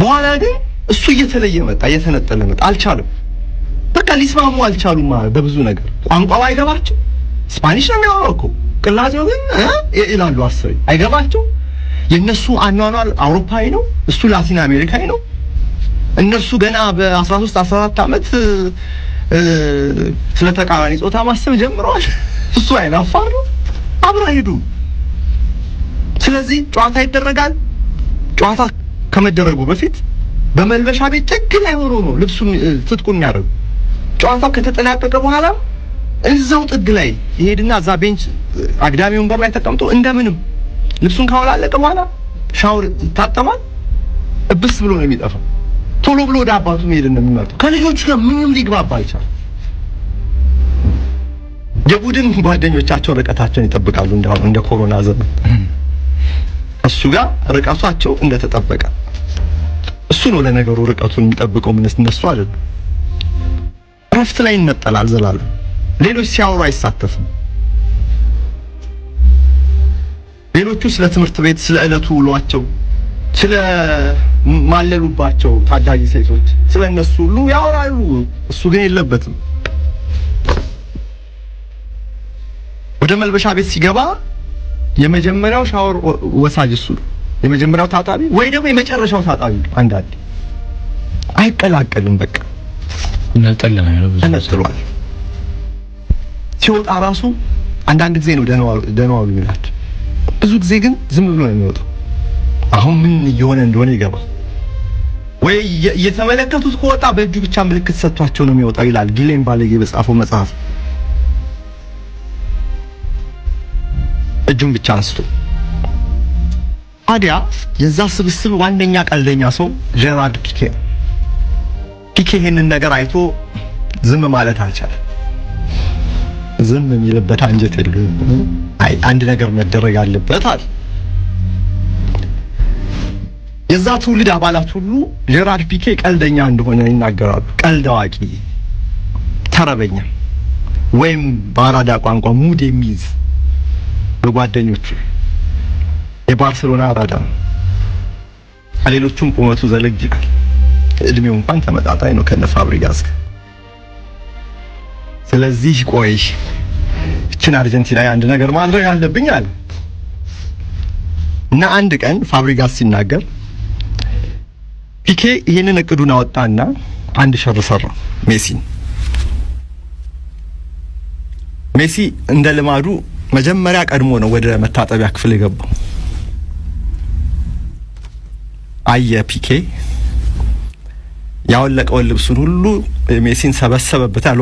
በኋላ ግን እሱ እየተለየ መጣ፣ እየተነጠለ መጣ። አልቻለም፣ በቃ ሊስማሙ አልቻሉም። በብዙ ነገር ቋንቋው አይገባቸው። ስፓኒሽ ነው የሚያወራው እኮ ቅላጼው ግን ይላሉ አስሬ አይገባቸው። የእነሱ አኗኗል አውሮፓዊ ነው፣ እሱ ላቲን አሜሪካዊ ነው። እነሱ ገና በ13 14 ዓመት ስለ ተቃራኒ ጾታ ማሰብ ጀምረዋል። እሱ አይናፋር ነው፣ አብረው አይሄዱም። ስለዚህ ጨዋታ ይደረጋል ጨዋታ ከመደረጉ በፊት በመልበሻ ቤት ጥግ ላይ ሆኖ ነው ልብሱን ትጥቁ የሚያደርጉ። ጨዋታው ከተጠናቀቀ በኋላ እዛው ጥግ ላይ ይሄድና እዛ ቤንች አግዳሚ ወንበር ላይ ተቀምጦ እንደምንም ልብሱን ካወላለቀ በኋላ ሻወር ይታጠባል። እብስ ብሎ ነው የሚጠፋው። ቶሎ ብሎ ወደ አባቱ መሄድ እንደሚመጣ ከልጆቹ ጋር ምንም ሊግባባ ይቻል። የቡድን ጓደኞቻቸው ርቀታቸውን ይጠብቃሉ። እንደ ኮሮና ዘመን እሱ ጋር ርቀቷቸው እንደተጠበቀ እሱ ነው ለነገሩ ርቀቱን የሚጠብቀው። ምንስ እነሱ አይደል። እረፍት ላይ ይነጠላል ዘላለ ሌሎች ሲያወሩ አይሳተፍም። ሌሎቹ ስለ ትምህርት ቤት፣ ስለ እለቱ ውሏቸው፣ ስለ ማለሉባቸው ታዳጊ ሴቶች ስለ እነሱ ሁሉ ያወራሉ። እሱ ግን የለበትም። ወደ መልበሻ ቤት ሲገባ የመጀመሪያው ሻወር ወሳጅ እሱ ነው። የመጀመሪያው ታጣቢ ወይ ደግሞ የመጨረሻው ታጣቢ አንዳንዴ አይቀላቀልም። በቃ ተነጥሏል። ሲወጣ ራሱ አንዳንድ ጊዜ ነው ደህናዋሉ ይላል። ብዙ ጊዜ ግን ዝም ብሎ ነው የሚወጣው። አሁን ምን እየሆነ እንደሆነ ይገባል ወይ የተመለከቱት ከወጣ በእጁ ብቻ ምልክት ሰጥቷቸው ነው የሚወጣው ይላል ጊሌን ባለጌ በጻፈው መጽሐፍ እጁን ብቻ አንስቶ ታዲያ የዛ ስብስብ ዋነኛ ቀልደኛ ሰው ጀራርድ ፒኬ ፒኬ ይህንን ነገር አይቶ ዝም ማለት አልቻለም። ዝም የሚልበት አንጀት የለውም። አይ አንድ ነገር መደረግ አለበት አለ። የዛ ትውልድ አባላት ሁሉ ጀራርድ ፒኬ ቀልደኛ እንደሆነ ይናገራሉ። ቀልድ አዋቂ፣ ተረበኛ ወይም በአራዳ ቋንቋ ሙድ የሚይዝ በጓደኞቹ የባርሴሎና አራዳ ከሌሎቹም ቁመቱ ዘለግ ይላል። እድሜው እንኳን ተመጣጣኝ ነው ከነ ፋብሪጋስ። ስለዚህ ቆይ እችን አርጀንቲና አንድ ነገር ማድረግ አለብኝ አለ እና አንድ ቀን ፋብሪጋስ ሲናገር ፒኬ ይህንን እቅዱን አወጣና አንድ ሸር ሰራ። ሜሲን ሜሲ እንደ ልማዱ መጀመሪያ ቀድሞ ነው ወደ መታጠቢያ ክፍል የገባው። አየ ፒኬ ያወለቀውን ልብሱን ሁሉ ሜሲን ሰበሰበበታል።